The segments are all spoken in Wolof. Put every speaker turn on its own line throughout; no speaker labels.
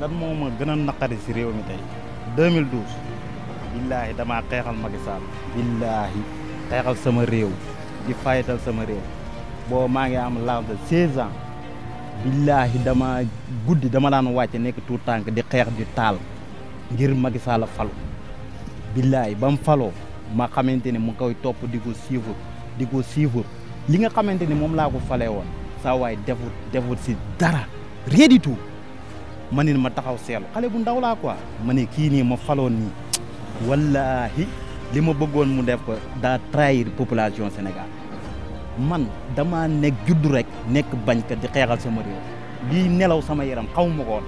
lan moo ma gën a naqari si réew mi tey 2012 billaahi damaa xeexal Macky Sall billaahi xeexal sama réew di fayital sama réew boo maa ngi am l'âge de 16 ans billaahi dama guddi dama daan wàcc nekk tout tànk di xeex di taal ngir Macky Sall falu billaahi ba mu faloo ma xamante ni mu koy topp di ko siifur di siifur li nga xamante ni moom laa ko falee woon saa waay defut defut si dara rien du ma ne ma taxaw seelu xale bu ndaw laa quoi ma ne kii nii ma faloon nii wallaahi li ma bëggoon mu def ko daa trahir population Sénégal man damaa nekk juddu rek nekk bañkat di xeexal sama réew lii nelaw sama yaram xaw ma koon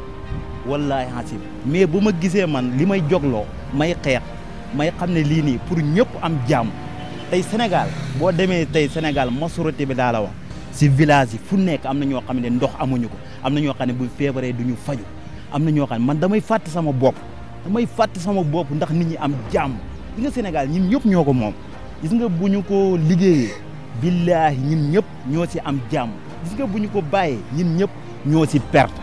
wallaahi xasib mais bu ma gisee man li may jogloo may xeex may xam ne lii nii pour ñëpp am jàmm tey Sénégal boo demee tey Sénégal majorité bi daa si village yi fu nekk am na ñoo xam ne ndox amuñu ko am na ñoo xam ne bu feebaree duñu faju am na ñoo xam ne man damay fàtt sama bopp damay fàtt sama bopp ndax nit ñi am jàmm nga Sénégal ñun ñëpp ñoo ko moom gis nga bu ñu ko liggéey billaahi ñun ñëpp ñoo si am jàmm gis nga bu ñu ko bàyyee ñun ñëpp ñoo si perte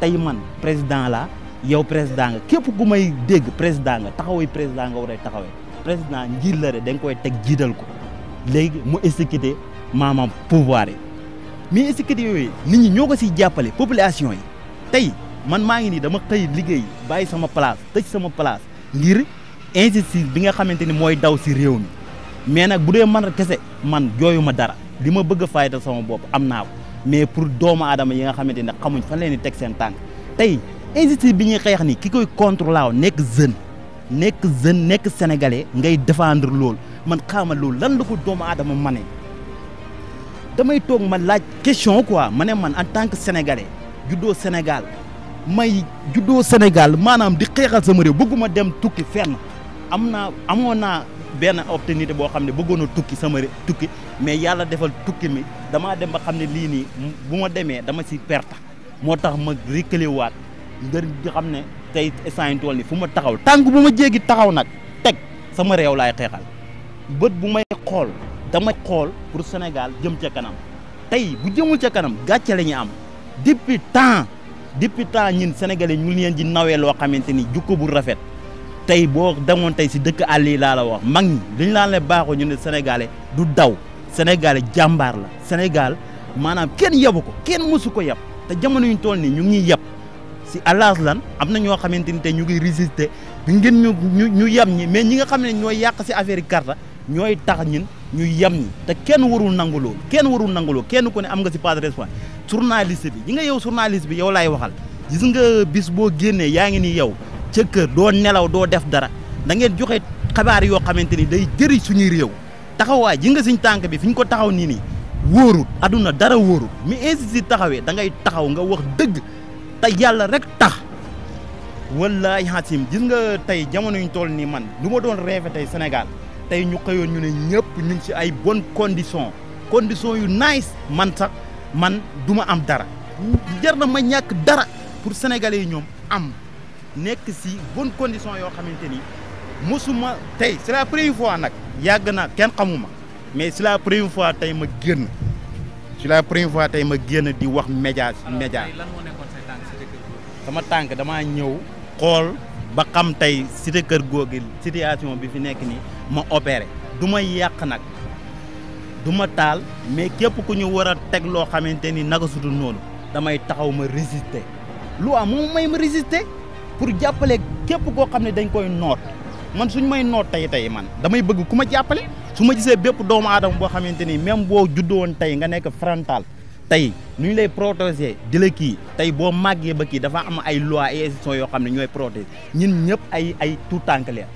tey man président la yow président képp ku may dégg président nga taxaway président nga war a président njiit la de da koy teg jiital ko léegi mu exécuté maanaam pouvoir yi mais sikkat yooyu nit ñi ñoo ko siy jàppale population yi tey man maa ngi nii dama xëy liggéey bàyyi sama place tëj sama place ngir injustice bi nga xamante ni mooy daw si réew mi mais nag bu dee man kese man jooyu dara li ma bëgg a fayda sama bopp am naa ko mais pour doomu aadama yi nga xamante ne xamuñ fan leen di teg seen tànk tey injustice bi ñuy xeex ni ki koy contre laaw nekk jeune nekk jeune nekk sénégalais ngay défendre loolu man xaama loolu lan la ko doomu aadama mane damay toog ma laaj question quoi ma ne man en tant que sénégalais juddoo Sénégal may juddoo Sénégal maanaam di xeexal sama réew bëgguma dem tukki fenn am naa amoon naa benn opportunité boo xam ne bëggoon a tukki sama tukki mais yàlla defal tukki mi damaa dem ba xam ne lii nii bu ma demee dama si perte moo tax ma récalé waat ngir di xam ne tey instant yi tool ni fu ma taxaw tànk bu ma jéggi taxaw nag teg sama réew laay xeexal bët bu may xool. dama xool pour Sénégal jëm ca kanam tey bu jëmul ca kanam gàcce la ñu am depuis temps depuis temps ñun sénégalais ñu ngi ji di nawee loo xamante ni jukko bu rafet tey boo demoon tey si dëkk àll yi laa la wax mag ñi li le baaxoo ñu ne sénégalais du daw sénégalais jàmbaar la Sénégal maanaam kenn yebu ko kenn mësu ko yeb te jamono yuñ toll nii ñu ngi yeb si alaas lan am na ñoo xamante ni tey ñu ngi résister ngeen ñu ñu ñu yeb ñi mais ñi nga xam ne ñooy yàq si affaire yi ñu yem ñi te kenn warul nangu loolu kenn warul nangu kenn ku ne am nga si pas de respect journaliste bi yi nga yow journaliste bi yow laay waxal gis nga bis boo génnee yaa ngi ni yow ca doo nelaw doo def dara dangeen joxe xabaar yoo xamante ni day jëriñ suñuy réew taxawaay ji nga suñ tànk bi fi ñu ko taxaw nii nii wóorut aduna dara wóorut mi insi taxawee da ngay taxaw nga wax dëgg te yàlla rek tax wallaahi xasim gis nga tey jamono yuñ toll nii man lu ma doon rêvé tey Sénégal tey ñu xëyoon ñu ne ñëpp ñu si ay bonnes conditions conditions yu nice man sax man du ma am dara jar na ma ñàkk dara pour sénégalais yi ñoom am nekk si bonnes conditions yoo xamante ni mosuma tey c'est la première fois nag yàgg na kenn xamuma mais c'est la première fois tey ma génn c'est la première fois tey ma génn di wax média média sama tànk damaa ñëw xool ba xam tey cité kër googu situation bi fi nekk nii ma opéré du ma yàq nag duma taal mais képp ku ñu war a teg loo xamante ni naka sudul noonu damay taxaw ma résister lu am may ma résister pour jàppale képp koo xam ne dañ koy noot man suñ may noot tey tey man damay bëgg ku ma jàppale su ma gisee bépp doomu aadama boo xamante ni même boo juddoo woon tey nga nekk frontal tey nu ñu lay protéger di la kii tey boo màggee ba kii dafa am ay loi et institutions yoo xam ne ñooy protéger ñun ñëpp ay ay tout tànk leen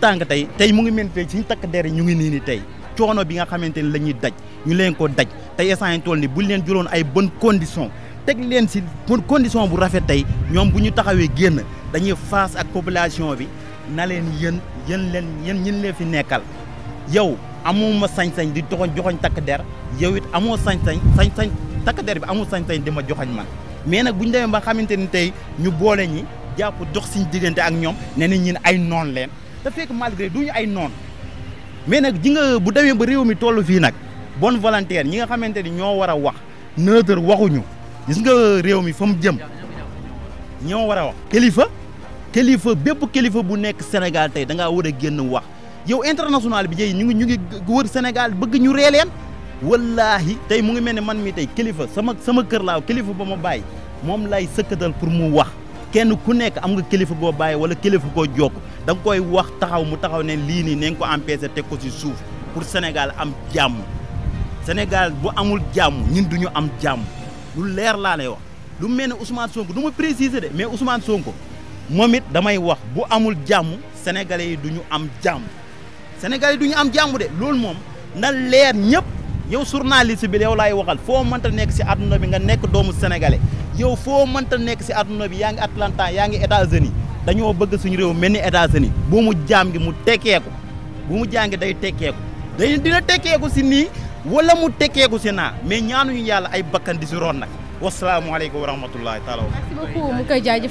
tànk tey tey mu ngi mel tey ñu takk der ñu ngi nii ni tey coono bi nga xamante ni lañuy ñuy daj ñu leen ko daj tey instant yi toll ni buñ leen juróon ay bonne condition teg leen si condition bu rafet tey ñoom bu ñu taxawee génn dañuy face ak population bi na leen yën yën leen yéen ñin leen fi nekkal yow ma sañ-sañ di doxoñ joxoñ takk der yow it amoo sañ-sañ sañ-sañ takk der bi amul sañ-sañ di ma joxoñ man mais nag bu ñu demee ba xamante ni tey ñu boole ñi jàpp dox suñu diggante ak ñoom ne na ñun ay noon leen te fekk malgré du ay noon mais nag ji nga bu demee ba réew mi toll fii nag bonne volontaire ñi nga xamante ni ñoo war a wax neutre waxuñu gis nga réew mi fa mu jëm ño war a wax kilifa kilifa bépp kilifa bu nekk Sénégal tey da ngaa war a génn wax yow international bi jëy ñu ngi ñu ngi wër Sénégal bëgg ñu ree leen wallaahi tey mu ngi mel ne man mi tey kilifa sama sama kër laaw kilifa ba ma bàyyi moom lay sëkkatal pour mu wax kenn ku nekk am nga kilifa goo bàyyi wala kilifa goo jokk danga koy wax taxaw mu taxaw ne lii nii nañ ko empêcher teg ko ci suuf pour Sénégal am jàmm Sénégal bu amul jàmm ñun ñu am jàmm lu leer laa lay wax lu mel ne Ousmane Sonko du ma préciser de mais Ousmane Sonko moom it damay wax bu amul jàmm sénégalais yi duñu am jàmm Sénégal yi du am jàmm de loolu moom nan leer ñëpp yow journaliste bi yow laay waxal foo mënta nekk si àdduna bi nga nekk doomu sénégalais yow foo mënta nekk si àdduna bi yaa ngi Atlanta yaa ngi États-Unis dañoo bëgg suñu réew mel ni États-Unis bu mu jaam gi mu tekkeeku bu mu jaam gi day tekkeeku dañ dina tekkeeku si nii wala mu tekkeeku si naa mais ñaanuñu yàlla ay bakkan di si roon nag wasalaamualeykum wa rahmatullahi taala